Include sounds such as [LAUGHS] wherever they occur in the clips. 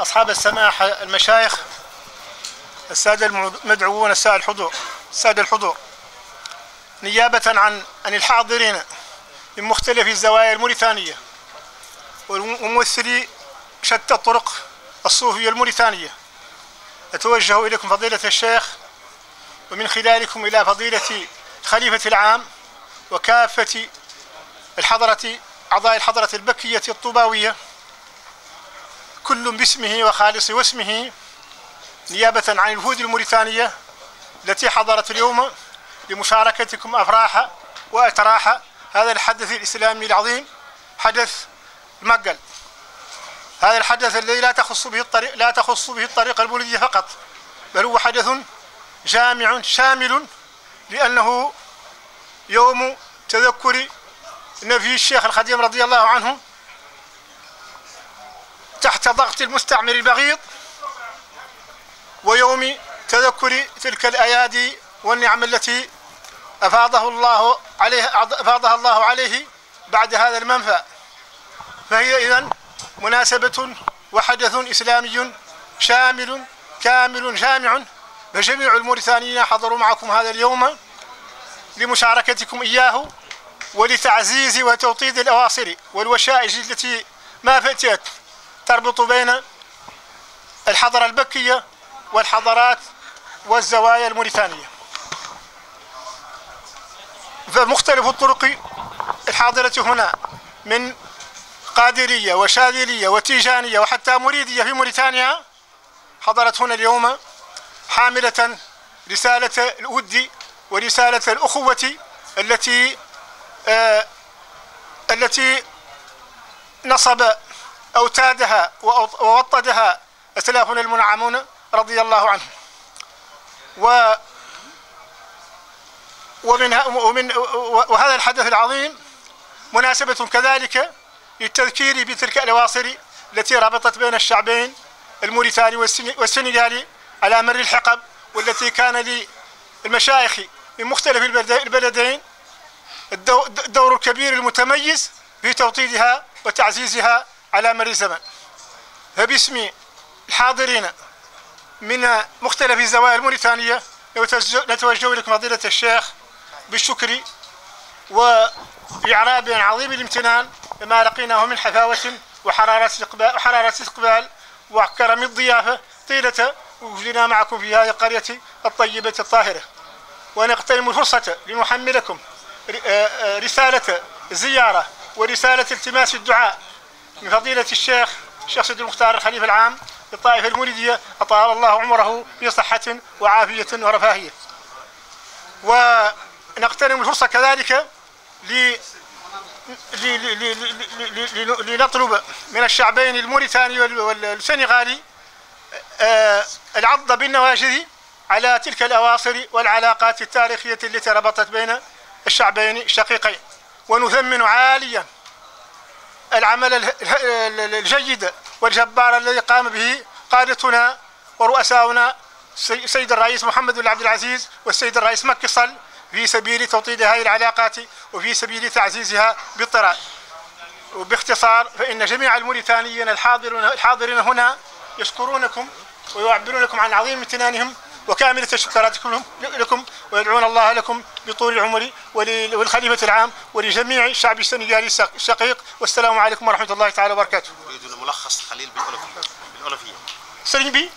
أصحاب السماحة المشايخ السادة المدعوون السادة الحضور السادة الحضور نيابة عن عن الحاضرين من مختلف الزوايا الموريتانية وممثلي شتى الطرق الصوفية الموريتانية أتوجه إليكم فضيلة الشيخ ومن خلالكم إلى فضيلة الخليفة العام وكافة الحضرة أعضاء الحضرة البكية الطوباوية كل باسمه وخالص واسمه نيابة عن الوفود الموريتانية التي حضرت اليوم لمشاركتكم أفراح وأتراح هذا الحدث الإسلامي العظيم حدث المقل هذا الحدث الذي لا تخص به الطريق لا تخص به الطريق البوليدية فقط بل هو حدث جامع شامل لأنه يوم تذكر نفي الشيخ الخديم رضي الله عنه تحت ضغط المستعمر البغيض ويوم تذكر تلك الأيادي والنعم التي أفاضه الله عليه أفاضها الله عليه بعد هذا المنفى فهي اذا مناسبة وحدث إسلامي شامل كامل جامع فجميع الموريتانيين حضروا معكم هذا اليوم لمشاركتكم إياه ولتعزيز وتوطيد الأواصر والوشائج التي ما فتيت تربط بين الحضارة البكية والحضارات والزوايا الموريتانية فمختلف الطرق الحاضرة هنا من قادرية وشاذلية وتيجانية وحتى مريدية في موريتانيا حضرت هنا اليوم حاملة رسالة الود ورسالة الأخوة التي آه، التي نصب أوتادها ووطدها أسلافنا المنعمون رضي الله عنهم و ومن ومن وهذا الحدث العظيم مناسبة كذلك للتذكير بتلك الأواصر التي ربطت بين الشعبين الموريتاني والسنغالي على مر الحقب والتي كان للمشايخ من مختلف البلدين الدور الكبير المتميز في توطيدها وتعزيزها على مر الزمن فباسم الحاضرين من مختلف الزوايا الموريتانية نتوجه لكم فضيلة الشيخ بالشكر وإعراب عظيم الامتنان لما لقيناه من حفاوة وحرارة استقبال وحرارة استقبال وكرم الضيافة طيلة وجودنا معكم في هذه القرية الطيبة الطاهرة ونغتنم الفرصة لنحملكم آه، آه، رسالة زيارة ورسالة التماس الدعاء من فضيلة الشيخ الشيخ سيد المختار الخليفة العام للطائفة المولدية أطال الله عمره بصحة وعافية ورفاهية ونغتنم الفرصة كذلك ل لنطلب من الشعبين الموريتاني والسنغالي آه، العض بالنواجذ على تلك الأواصر والعلاقات التاريخية التي ربطت بين الشعبين الشقيقين ونثمن عاليا العمل الجيد والجبار الذي قام به قادتنا ورؤساؤنا السيد الرئيس محمد بن عبد العزيز والسيد الرئيس مكي صل في سبيل توطيد هذه العلاقات وفي سبيل تعزيزها بالطراء وباختصار فإن جميع الموريتانيين الحاضرون الحاضرين هنا يشكرونكم ويعبرون لكم عن عظيم امتنانهم وكاملة الشكرات لكم ويدعون الله لكم بطول العمر وللخليفة العام ولجميع الشعب السنغالي الشقيق والسلام عليكم ورحمة الله تعالى وبركاته. يريدون ملخص خليل بالألفية سرين بي.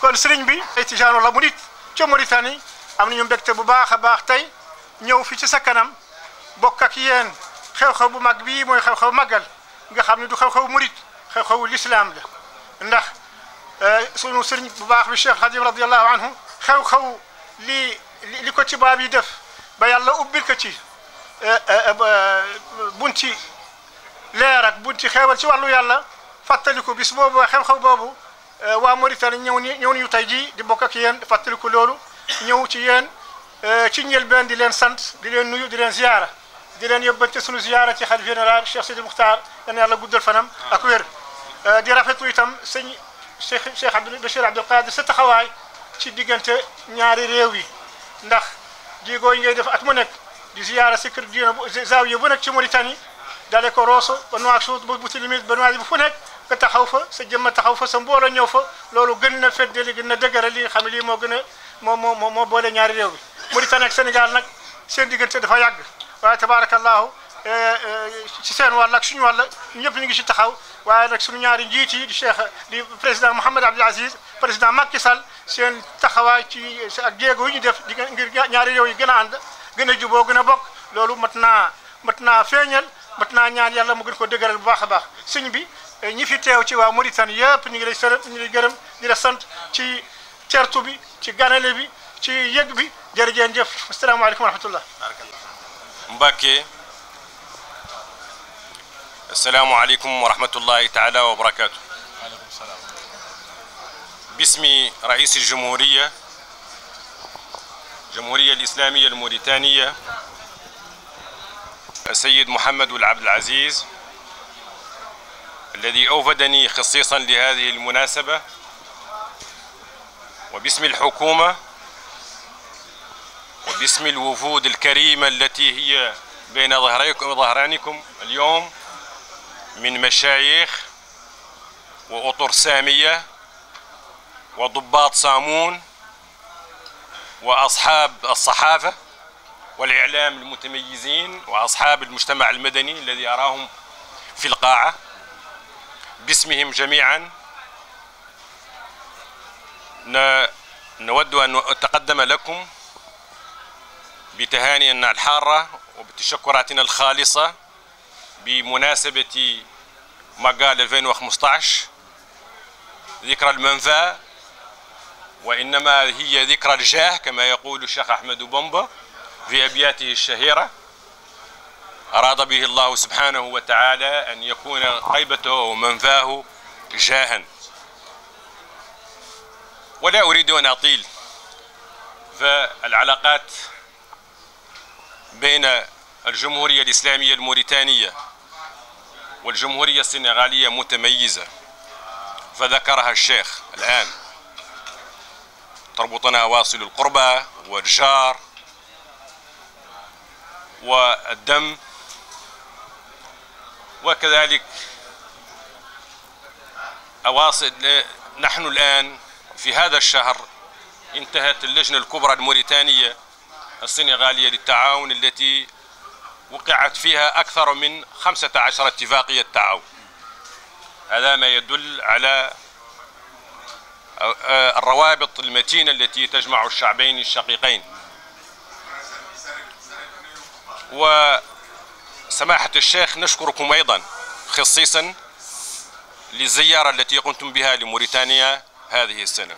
كون آه، سرين بي ay الله مريد murit ca Mauritanie am nañu mbégte bu baax a baax tey ñëw xew-xew bu mag bii mooy xew-xew magal nga xam du xew-xew murit xew-xewu lislaam la ndax sunu sëriñ bu baax bi Cheikh Xadim radiallahu anhu xew-xew li li ko tubaab yi def ba yàlla ubbil ko ci bunti leer ak bunti xeewal ci wàllu yàlla fàttaliku bis boobu xew-xew boobu waa Mauritanie ñëw ni ñëw nañu tey jii di bokk ak yéen fàttaliku loolu ñëw ci yéen ci njëlbeen di leen sant di leen nuyu di leen ziyaara ديران يوبا تسنو زيارتي خال جنرال الشيخ سيد المختار ان يلا غود الفنم اكوير دي رافيتو ايتام سي شيخ شيخ عبد البشير عبد القادر ست خواي تي ديغنت نياري ريوي نده دي غوي نجي ديف اتمو نيك دي زياره سكر دينا زاويه بو نيك تي موريتاني دالي كو روسو بنوا اكسوت بو بوتيميت بنوا دي بو نيك كتخاو فا سي جيم لولو غن فيت دي لي غن دغرا لي مو غن مو مو مو بولا نياري ريوي موريتاني اك سنغال نك سين ديغنت waaye tabaaraka allahu ci seen wàll ak suñu wàll ñëpp ñu ngi ci taxaw waaye nag suñu ñaari njiit yi di cheikh di président Mouhamed Abdoul Aziz président Macky Sall seen taxawaay ci ak jéego yi ñu def di ngir ñaari réew yi gën a ànd gën a juboo gën a bokk loolu mat naa mat naa feeñal mat naa ñaan yàlla mu gën ko dëgëral bu baax a baax sëñ bi ñi fi teew ci waa Mauritanie yëpp ñu ngi lay sërëm ñu ngi lay gërëm di la sant ci tertu bi ci ganale bi ci yëg bi jërëjëf jëf asalaamaaleykum wa rahmatullah مباكي السلام عليكم ورحمة الله تعالى وبركاته السلام باسم رئيس الجمهورية الجمهورية الإسلامية الموريتانية السيد محمد العبد العزيز الذي أوفدني خصيصا لهذه المناسبة وباسم الحكومة باسم الوفود الكريمة التي هي بين ظهريكم ظهرانكم اليوم من مشايخ وأطر سامية وضباط صامون وأصحاب الصحافة والإعلام المتميزين وأصحاب المجتمع المدني الذي أراهم في القاعة باسمهم جميعا نود أن أتقدم لكم بتهانئنا الحارة وبتشكراتنا الخالصة بمناسبة مقال 2015 ذكرى المنفى وإنما هي ذكرى الجاه كما يقول الشيخ أحمد بومبا في أبياته الشهيرة أراد به الله سبحانه وتعالى أن يكون قيبته ومنفاه جاها ولا أريد أن أطيل فالعلاقات بين الجمهورية الإسلامية الموريتانية والجمهورية السنغالية متميزة فذكرها الشيخ الآن تربطنا واصل القربة والجار والدم وكذلك أواصل نحن الآن في هذا الشهر انتهت اللجنة الكبرى الموريتانية السنغالية للتعاون التي وقعت فيها أكثر من 15 اتفاقية تعاون هذا ما يدل على آه، الروابط المتينة التي تجمع الشعبين الشقيقين وسماحة الشيخ نشكركم أيضا خصيصا للزيارة التي قمتم بها لموريتانيا هذه السنة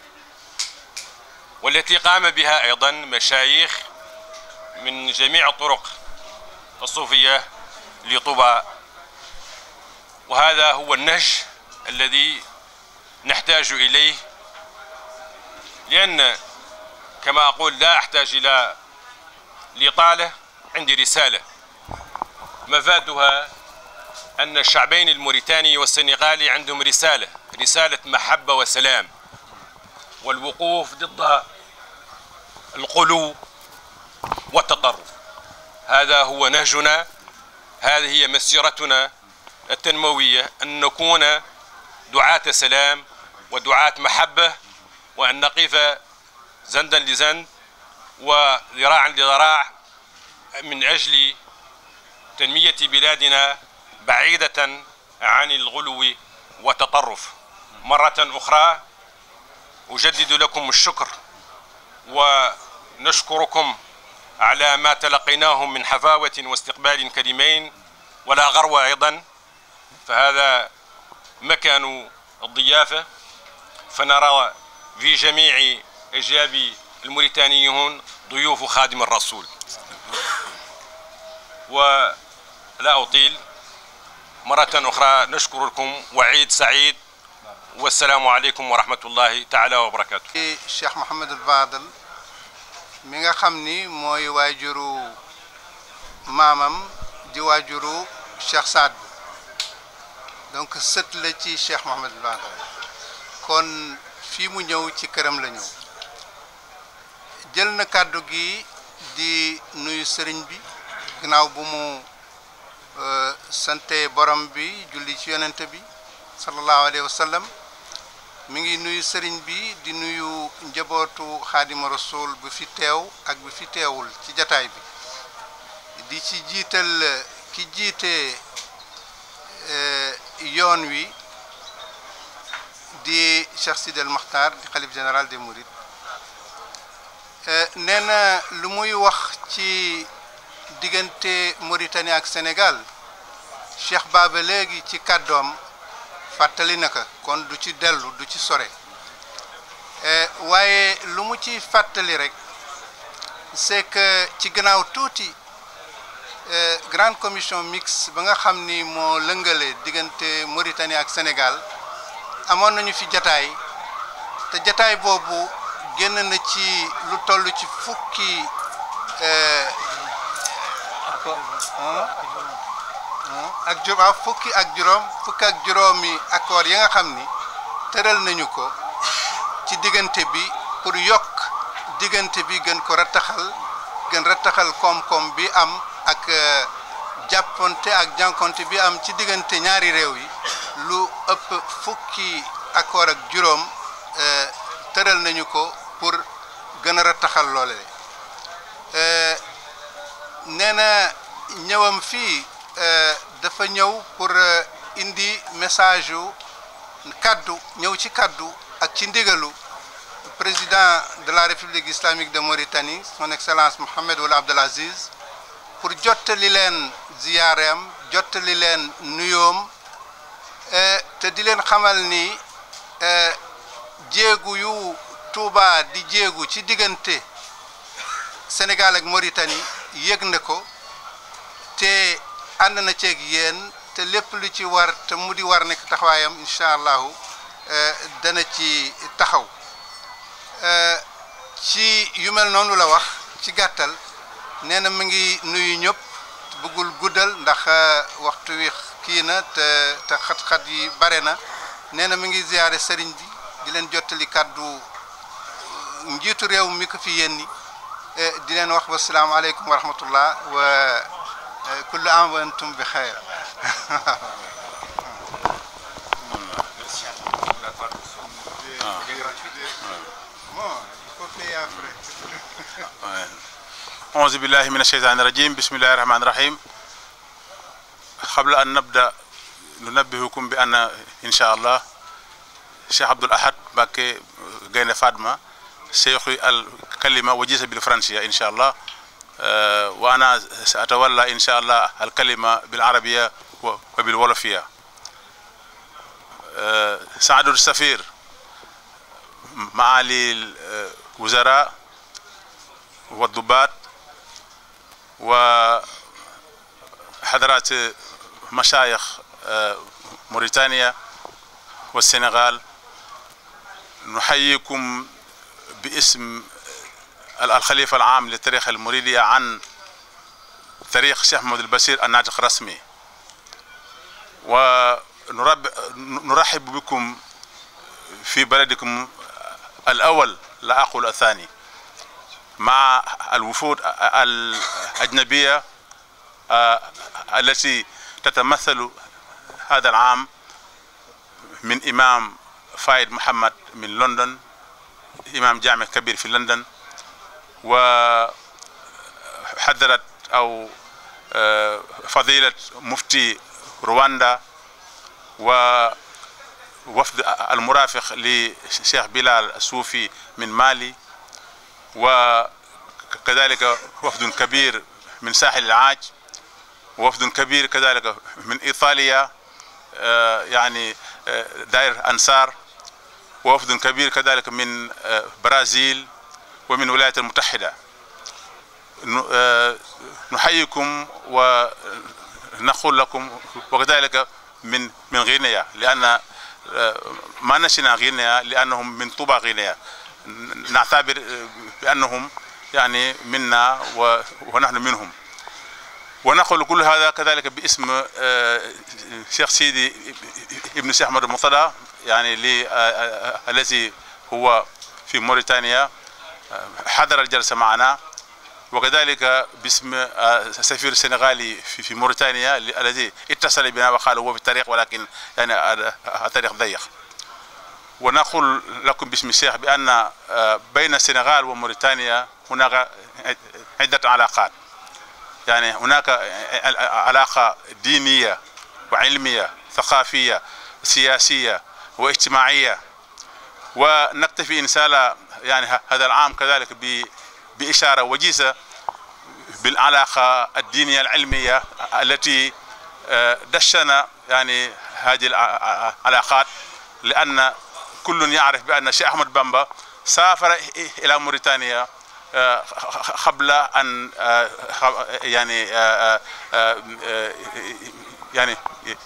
والتي قام بها أيضا مشايخ من جميع الطرق الصوفية لطوبى وهذا هو النهج الذي نحتاج إليه لأن كما أقول لا أحتاج إلى لطالة عندي رسالة مفادها أن الشعبين الموريتاني والسنغالي عندهم رسالة رسالة محبة وسلام والوقوف ضد القلو والتطرف هذا هو نهجنا هذه هي مسيرتنا التنموية أن نكون دعاة سلام ودعاة محبة وأن نقف زندا لزند وذراعا لذراع من أجل تنمية بلادنا بعيدة عن الغلو والتطرف مرة أخرى أجدد لكم الشكر ونشكركم على ما تلقيناه من حفاوة واستقبال كريمين ولا غروة أيضا فهذا مكان الضيافة فنرى في جميع إجاب الموريتانيون ضيوف خادم الرسول ولا أطيل مرة أخرى نشكركم وعيد سعيد والسلام عليكم ورحمة الله تعالى وبركاته الشيخ محمد الفاضل mi nga xam ni mooy waajuru maamam di waajuru Cheikh Saad donc sët la ci Cheikh Mouhamadul Bachir kon fii mu ñëw ci këram lañu jël na kàddu gi di nuyu sëriñ bi ginnaaw bu mu euh, sante borom bi julli ci yonent bi sallallahu alayhi wa mi ngi nuyu sëriñ bi di nuyu njabootu xaadima rasul bu fi teew ak bu fi teewul ci jataay bi di ci jiital ki jiite eh, yoon wi di Cheikh Sidi El Mokhtar di xalif général des Mourides eh, neena lu muy wax ci diggante Mauritanie ak senegal Cheikh Baba léegi ci kàddoom fàttali na ko kon du ci dellu du ci sore eh, waaye lu mu ci fàttali rek c'est que ci gannaaw tuuti eh, grande commission mix ba nga xam ni moo lëngale diggante Mauritanie ak Sénégal amoon nañu fi jataay te jataay boobu génn na ci lu toll ci fukki. Eh, ah? ak juróom fukki ak juróom fukki ak juróomi accord yi nga xam ni tëral nañu ko ci diggante bi pour yokk diggante bi gën ko rattaxal gën rattaxal koom-koom bi am ak euh, jàppante ak jànkonte bi am ci diggante ñaari réew yi lu ëpp fukki accord ak juróom euh, tëral nañu ko pour gën a rattaxal loole euh, nee na ñëwam fii Euh, dafa ñëw pour euh, indi message yu kaddu ñëw ci kaddu ak ci ndigalu président de la république islamique de Mauritanie son excellence Mohamed Ould Abdel Aziz pour jottali leen ziyaareem jottali leen nuyoom euh, te di leen xamal ni jéegu yu Touba di jéegu ci diggante Sénégal ak Mauritanie yëg na ko te. ànd na ceeg yéen te lépp lu ci war te mu di war nekk taxawaayam incha allahu eh, dana ci taxaw eh, ci yu mel noonu la wax ci gàttal nee na mi ngi nuyu ñëpp bëggul guddal ndax eh, waxtu wi kii na te te xat-xat yi bare na nee na mi ngi ziyaare sëriñ bi di leen jottali kàddu njiitu réew mi ko fi yéen ni di leen wax ba salaamaaleykum wa rahmatullah كل عام وانتم بخير أعوذ بالله من الشيطان الرجيم بسم الله الرحمن الرحيم قبل أن نبدأ ننبهكم بأن إن شاء الله الشيخ عبد الأحد باكي غين فاطمة سيخي الكلمة وجيزة بالفرنسية إن شاء الله آه، وأنا سأتولى إن شاء الله الكلمة بالعربية وبالولفية آه، سعد السفير معالي الوزراء والضباط وحضرات مشايخ آه، موريتانيا والسنغال نحييكم باسم الخليفة العام للتاريخ المريدية عن تاريخ الشيخ محمد البشير الناطق الرسمي ونرحب بكم في بلدكم الأول لا أقول الثاني مع الوفود الأجنبية آه، التي تتمثل هذا العام من إمام فايد محمد من لندن إمام جامع كبير في لندن وحضرت أو آه، فضيلة مفتي رواندا ووفد المرافق لشيخ بلال الصوفي من مالي وكذلك وفد كبير من ساحل العاج وفد كبير كذلك من إيطاليا آه، يعني آه، داير أنصار ووفد كبير كذلك من برازيل ومن الولايات المتحدة آه، نحييكم ونقول لكم وكذلك من من غينيا لأن آه، ما نشنا غينيا لأنهم من طوبى غينيا نعتبر آه، بأنهم يعني منا ونحن منهم ونقول كل هذا كذلك باسم شيخ سيدي ابن الشيخ احمد المطلع يعني الذي هو في موريتانيا حضر الجلسة معنا وكذلك باسم آه، سفير السنغالي في موريتانيا الذي اتصل بنا وقال هو في الطريق ولكن يعني آه، آه، الطريق ضيق ونقول لكم باسم الشيخ بأن بين السنغال وموريتانيا هناك عدة علاقات يعني هناك علاقة دينية وعلمية ثقافية سياسية واجتماعية ونكتفي ان شاء الله يعني هذا العام كذلك باشاره وجيزه بالعلاقه الدينيه العلميه التي آه، دشنا يعني هذه العلاقات لان كل يعرف بان الشيخ احمد بامبا سافر الى موريتانيا آه، قبل ان آه، يعني يعني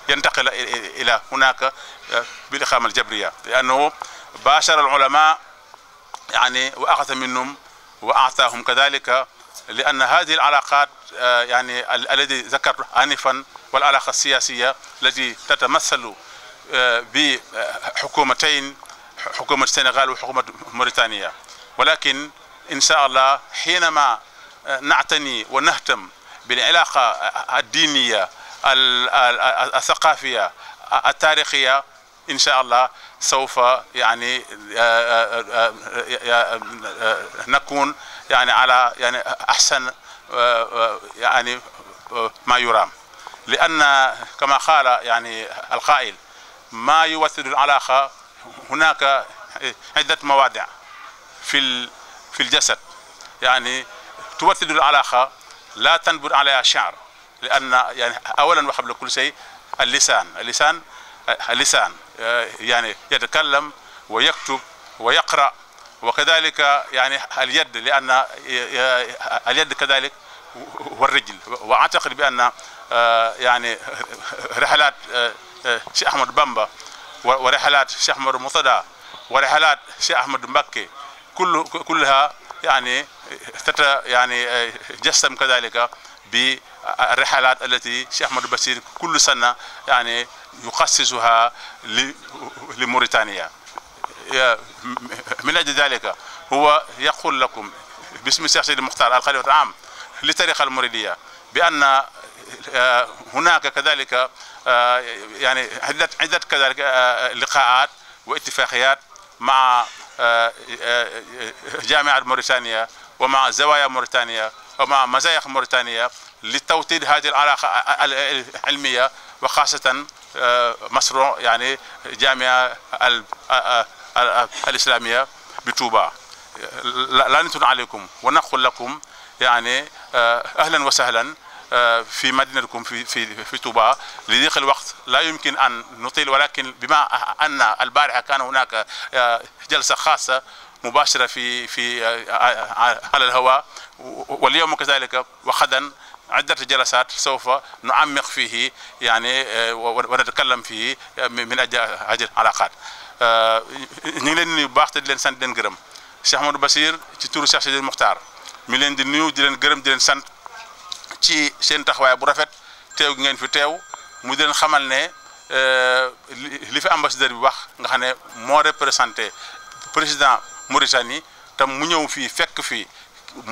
ينتقل الى هناك بالاقامه الجبريه لانه باشر العلماء يعني وأخذ منهم وأعطاهم كذلك لأن هذه العلاقات آه، يعني الذي ذكر آنفا والعلاقة السياسية التي تتمثل آه، بحكومتين حكومة السنغال وحكومة موريتانيا ولكن إن شاء الله حينما آه، نعتني ونهتم بالعلاقة الدينية الثقافية التاريخية ان شاء الله سوف يعني آه، آه، آه، نكون يعني على يعني احسن يعني ما يرام لان كما قال يعني القائل ما يوثد العلاقه هناك عده موادع في في الجسد يعني توثد العلاقه لا تنبت عليها شعر لان يعني اولا وقبل كل شيء اللسان اللسان آه، لسان آه، يعني يتكلم ويكتب ويقرأ وكذلك يعني اليد لأن آه، اليد كذلك والرجل وأعتقد بأن يعني رحلات شيخ أحمد بامبا ورحلات شيخ أحمد مرتضى ورحلات شيخ أحمد مبكي كل كلها يعني تت يعني جسم كذلك بالرحلات التي الشيخ احمد البشير كل سنه يعني يخصصها لموريتانيا من اجل ذلك هو يقول لكم باسم الشيخ سيد المختار الخليفه العام لتاريخ الموريدية بان آه، هناك كذلك آه، يعني عدة عدة كذلك آه، لقاءات واتفاقيات مع جامعة موريتانيا ومع زوايا موريتانيا ومع مزايا موريتانيا لتوطيد هذه العلاقة العلمية وخاصة آه، مشروع يعني جامعة آه، آه، الإسلامية لا لعنة عليكم ونقول لكم يعني أهلا وسهلا في مدينتكم في في في طوبى لضيق الوقت لا يمكن ان نطيل ولكن بما ان البارحه كان هناك جلسه خاصه مباشره في في آه، على الهواء واليوم كذلك وغدا عده جلسات سوف نعمق فيه يعني آه، ونتكلم فيه آه، من اجل هذه العلاقات ني باخت دي لين سانت دين غرم شيخ محمد بصير تي تور شيخ سيدي مختار مي لين دي نيو دي لين غرم دي لين سانت تي سين تخواي بو رافيت تيو غين في تيو مو دي لين خمال ني euh li fi ambassadeur bi wax nga xane mo président Mauritanie tam mu ñëw fii fekk fii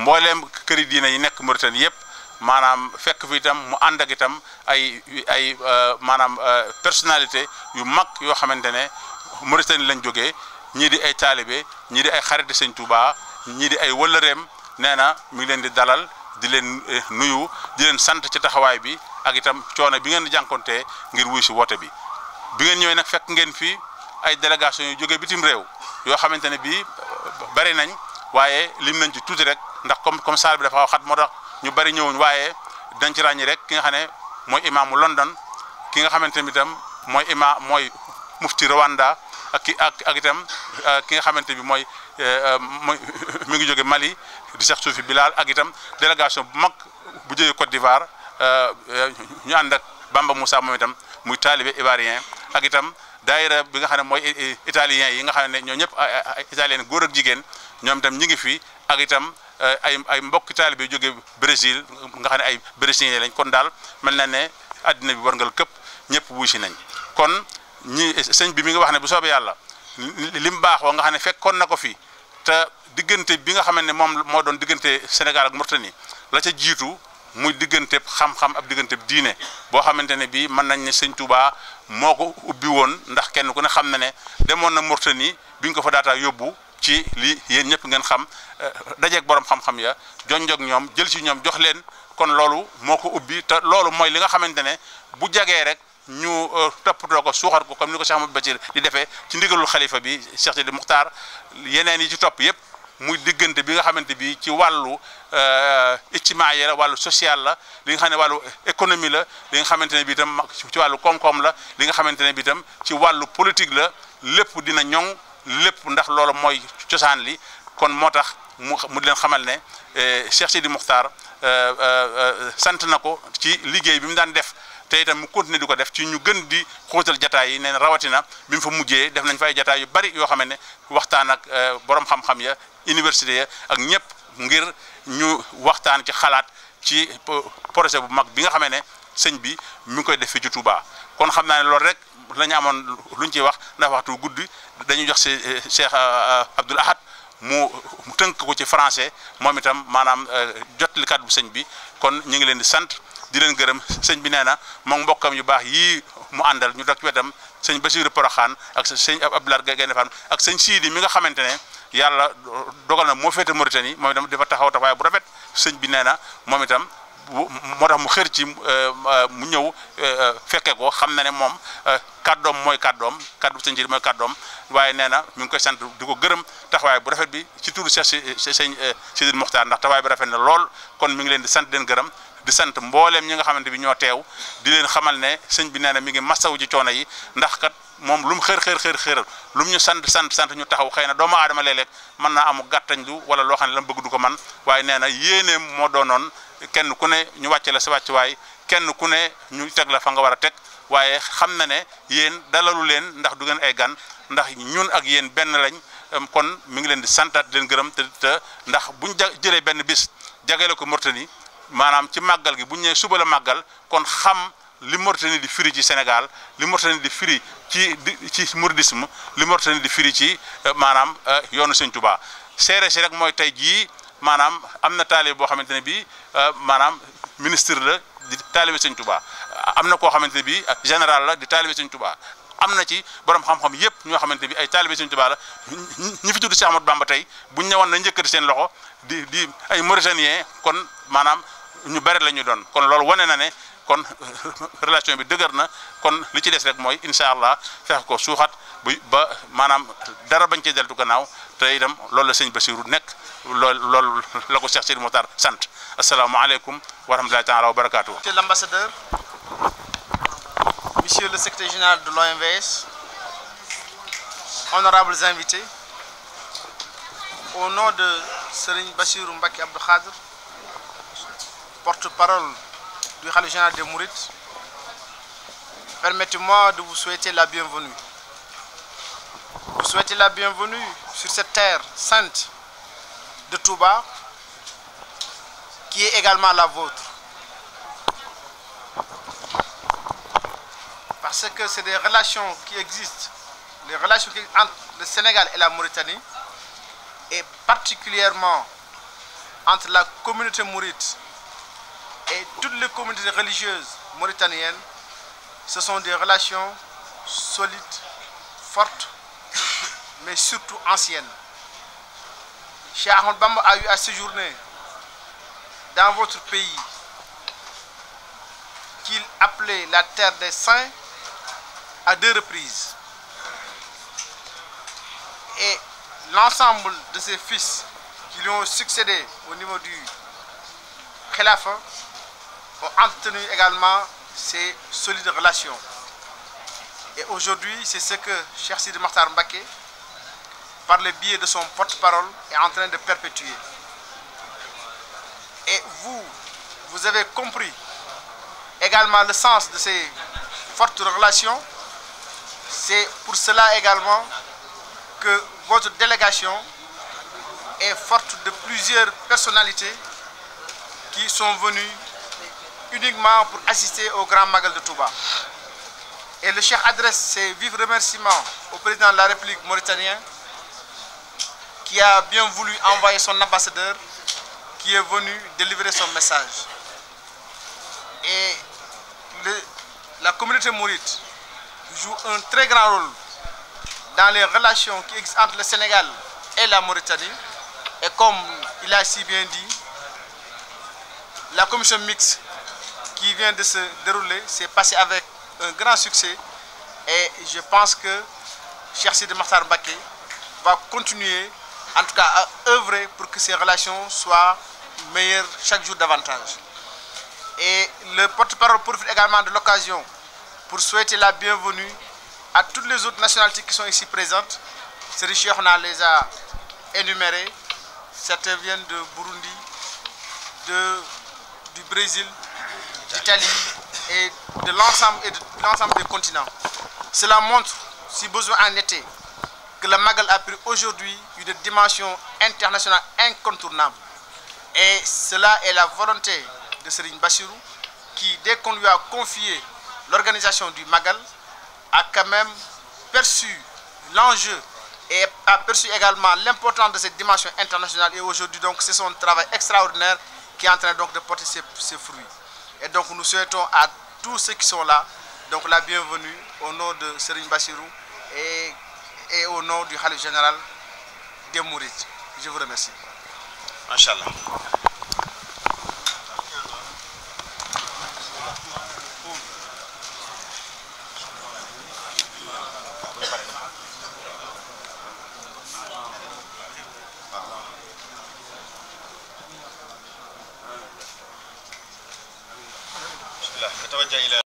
mbooleem këri diina yi nekk Mauritanie yëpp maanaam fekk fi itam mu ànd ak itam ay ay euh, maanaam euh, personnalité yu mag yoo xamante ne Mauritanie lañ jógee ñii di ay taalibe ñii di ay xarit sëñ Touba ñii di ay wëllëreem nee na mi ngi leen di dalal di leen eh, nuyu di leen sant ci taxawaay bi ak itam coono bi ngeen di jànkontee ngir wuy si woote bi bi ngeen ñëwee nag fekk ngeen fi ay délégation yu jógee bitim réew yoo xamante ne bari nañ waaye lim nañ ci tuuti rek ndax comme comme salle bi dafa xaw xat moo tax ñu bari ñëwuñ waaye dañ ci ràññi rek ki nga xam ne mooy imaamu London ki nga xamante ni itam mooy imaam mooy mufti Rwanda ak ak ak itam euh, ki nga xamante bi mooy euh, mooy [LAUGHS] mi ngi jóge Mali di Cheikh Soufi Bilal ak itam délégation bu mag bu jógee Côte d'Ivoire euh, ñu ànd ak Bamba Moussa moom itam muy taalibe ivoirien ak itam. daayira bi nga xam ne mooy italien yi nga xam ne ñoo ñëpp italien góor ak jigéen ñoom itam ñi ngi fi ak itam eh, ay ay mbokki taalibe yu jóge Brésil nga xam ne ay brésilien lañ kon daal mel na ne àddina bi warngal képp ñëpp wuy si nañ kon ñi sëñ bi mi ngi wax ne bu soobee yàlla li mu baaxoo nga xam ne fekkoon na ko fi te diggante bi nga xam ne moom moo doon diggante Sénégal ak Mauritanie la ca jiitu muy digganteb xam-xam ab digganteb diine boo xamante ne bii mën nañ ne sëñ Touba moo ko ubbi woon ndax kenn ku ne xam na ne demoon na Mauritanie bi ñu ko fa daataa yóbbu ci li yéen ñëpp ngeen xam eh, dajeeg borom xam-xam ya jonjog ñoom jël si ñoom jox leen kon loolu moo ko ubbi te loolu mooy li nga xamante ne bu jagee rek. ñu eh, toppatoo ko suuxat ko comme ni ko Cheikh Ahmadou Bachir di defee ci ndigalul xalifa bi Cheikh Sidi Muxtaar yeneen yi ci topp yëpp muy diggante bi nga xamante bi ci wàllu euh, ictimaa yi la wàllu sociale la li nga xam ne wàllu économie la li nga xamante ne bi itam ci wàllu koom-koom la li nga xamante ne bi itam ci wàllu politique la lépp dina ñoŋ lépp ndax loolu mooy cosaan li kon moo tax mu mu di leen xamal ne euh, Cheikh Sidi Mokhtar euh, sant na ko ci liggéey bi mu daan def te itam mu continuer di ko def ci ñu gën di xóotal jataay yi neen rawatina bi mu fa mujjee def nañ fay jataay yu bari yoo xam ne waxtaan ak euh, borom xam-xam ya université ya ak ñëpp ngir ñu waxtaan ci xalaat ci projet bu mag bi nga xamee ne sëñ bi mi ngi koy def fii ci Touba kon xam naa ne loolu rek la ñu amoon luñ ciy wax ndax waxtu guddi dañu jox si euh, Cheikh euh, Abdoul Ahad mu tënk ko ci français moom itam maanaam jotali kàddu bu sëñ bi kon ñu ngi leen di sant. di leen gërëm sëñ bi nee na moom mbokkam yu baax yii mu àndal ñu dog ci wetam sëñ ba Basiiru Poroxaan ak sëñ Abdoulaye Gaynde Fatma ak sëñ Siidi mi nga xamante ne yàlla dogal na moo féete Mauritanie moom itam defa taxaw taxawaay bu rafet sëñ bi neena moom itam moo tax mu xër ci euh, mu ñëw euh, fekke ko xam na ne moom euh, kàddoom mooy kàddoom kàddu sëñ Siidi mooy kàddoom waaye nee na mi ngi koy sant di ko gërëm taxawaay bu rafet bi ci turu Cheikh sëñ Sidi Moxtaar ndax taxawaay bi rafet na lool kon mi ngi leen di sant leen gërëm di sant mbooleem ñi nga xamante bi ñoo teew di leen xamal ne sëñ bi nee na mi ngi masaw ji coono yi ndax kat moom lu mu xër xër xër xër lu ñu sant sant sant ñu taxaw xëy na doomu aadama léeg-léeg mën naa amu gàttañ lu wala loo xam ne la mu bëgg du ko man waaye nee na yéene moo noon kenn ku ne ñu wàcce la sa wàccuwaay kenn ku ne ñu teg la fa nga war a teg waaye xam na ne yéen dalalu leen ndax du ngeen ay gan ndax ñun ak yéen benn lañ um, kon mu ngi leen di santaat di leen gërëm te te ndax buñ ja jëlee benn bis jagale ko Mauritanie maanaam ci màggal gi bu ñu suba la màggal kon xam li Mauritanie di firi ci Sénégal li Mauritanie di firi ci ci mouridisme li Mauritanie di firi ci euh, maanaam euh, yoonu Sëñ Tuubaa rek mooy tey jii maanaam am na taalibe boo xamante ne bii euh, maanaam ministre la di taalibe Sëñ am na koo xamante ne bii général la di taalibe Sëñ am na ci borom xam-xam ñoo xamante bi ay taalibe Sëñ la ñi fi tudd Cheikh Ahmadou Bamba tey buñ ñëwoon na njëkkati seen loxo di di ay mauritanien kon maanaam ñu bari lañu doon kon lool wone na ne kon relation bi dëgër na kon li ci dess rek moy inshallah fex ko suxat ba manam dara bañ ci deltu gannaaw te itam lool la sëñ Basiru nek lool lool la ko Cheikh Sidi sante assalamu alaykum wa rahmatullahi taala wa barakatuh monsieur l'ambassadeur monsieur le secrétaire général de l'OMVS honorables invités au nom de Serigne Bassirou Mbacké Abdou khadir porte-parole du Khalif général des permettez-moi de vous souhaiter la bienvenue. Vous souhaitez la bienvenue sur cette terre sainte de Touba, qui est également la vôtre. Parce que c'est des relations qui existent, les relations entre le Sénégal et la Mauritanie, et particulièrement entre la communauté mourite et toutes les communautés religieuses mauritaniennes, ce sont des relations solides, fortes, mais surtout anciennes. Cheikh Ahmed Bamba a eu à séjourner dans votre pays qu'il appelait la terre des saints à deux reprises. Et l'ensemble de ses fils qui lui ont succédé au niveau du Khalafa ont entretenu également ces solides relations. Et aujourd'hui, c'est ce que Chersi de Martar Mbake, par le biais de son porte-parole, est en train de perpétuer. Et vous, vous avez compris également le sens de ces fortes relations. C'est pour cela également que votre délégation est forte de plusieurs personnalités qui sont venues uniquement pour assister au Grand Magal de Touba. Et le chef adresse ses vifs remerciements au président de la République mauritanien qui a bien voulu envoyer son ambassadeur qui est venu délivrer son message. Et la communauté maurite joue un très grand rôle dans les relations qui existent entre le Sénégal et la Mauritanie. Et comme il a si bien dit, la commission mixte qui vient de se dérouler s'est passé avec un grand succès et je pense que Cheikh de Massar va continuer en tout cas à œuvrer pour que ces relations soient meilleures chaque jour davantage. Et le porte-parole profite également de l'occasion pour souhaiter la bienvenue à toutes les autres nationalités qui sont ici présentes. C'est Richard on les a énumérées. Certains viennent de Burundi, de, du Brésil, d'Italie et de l'ensemble de des continents. Cela montre, si besoin en était, que le Magal a pris aujourd'hui une dimension internationale incontournable. Et cela est la volonté de Serine Bachirou, qui, dès qu'on lui a confié l'organisation du Magal, a quand même perçu l'enjeu et a perçu également l'importance de cette dimension internationale. Et aujourd'hui, donc, c'est son travail extraordinaire qui est en train donc de porter ses fruits. Et donc nous souhaitons à tous ceux qui sont là donc la bienvenue au nom de Serigne Bassirou et, et, au nom du Khalif général des Je vous remercie. Inch'Allah. نتوجه إلى